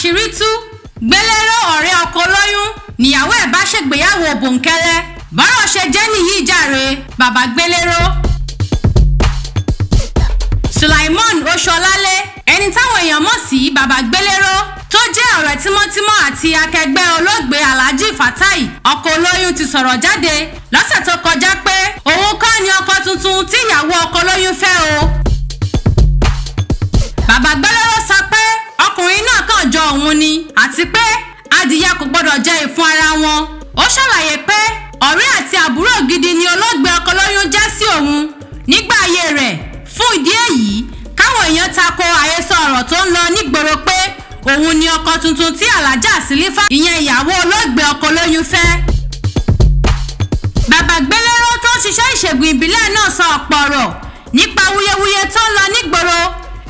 láṣìírí tú gbélérò ọ̀rẹ́ ọkọ lóyún níyàwó ẹ̀ bá ṣègbéyàwó bòńkẹ́lẹ́ bọ́rọ̀ ṣe jẹ́ nìyí jàre bàbá gbélérò. Sulaimon Oṣọlálé ẹni táwọn èèyàn mọ̀ sí bàbá gbélérò tó jẹ́ ọ̀rẹ́ tímọ́tímọ́ àti akẹgbẹ́ olóògbé Alhaji Fatai ọkọ olóyún ti sọ̀rọ̀ jáde lọ́sẹ̀ tó kọjá pé òun kọ́ ni ọkọ tuntun tíyàwó ọkọ olóyún fẹ́ o. mu ni àti pé adìyẹ kò gbọdọ̀ jẹ ìfun ara wọn ó ṣàlàyé pé ọ̀rẹ́ àti àbúrò gidi ni olóògbé Ọkọlóyún jẹ́ sí òun nígbà ayé rẹ̀ fún ìdí èyí káwọn èèyàn tako àhesọ ọ̀rọ̀ tó ń lọ nígboro pé òun ni ọkọ tuntun tí alájà sílífà ìyẹn ìyàwó olóògbé Ọkọlóyún fẹ́. bàbá gbéléró tó ń ṣiṣẹ́ ìṣègùn ìbílẹ̀ náà sọ ọ̀pọ̀ ọ̀rọ̀ nípa wuyewuye tó ń lọ nígboro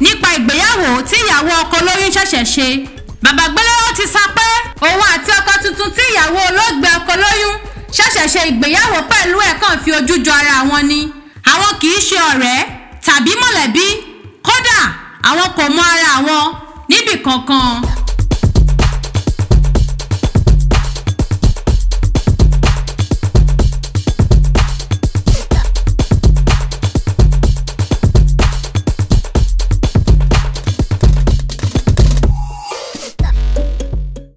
nípa ìgbéyàwó tí ìyàwó Ọkọlóyún ṣẹ̀ṣẹ̀ ṣe bàbá gbẹlẹ́wọ́ ti sọ pé òun àti ọkọ tuntun tí ìyàwó olóògbé ọkọ lóyún ṣẹ̀ṣẹ̀ ṣe ìgbéyàwó pẹ̀lú ẹ̀ kàn fi ojú jọ ara wọn ni àwọn kì í ṣe ọ̀rẹ́ tàbí mọ̀lẹ́bí kódà àwọn kò mọ ara wọn níbì kankan.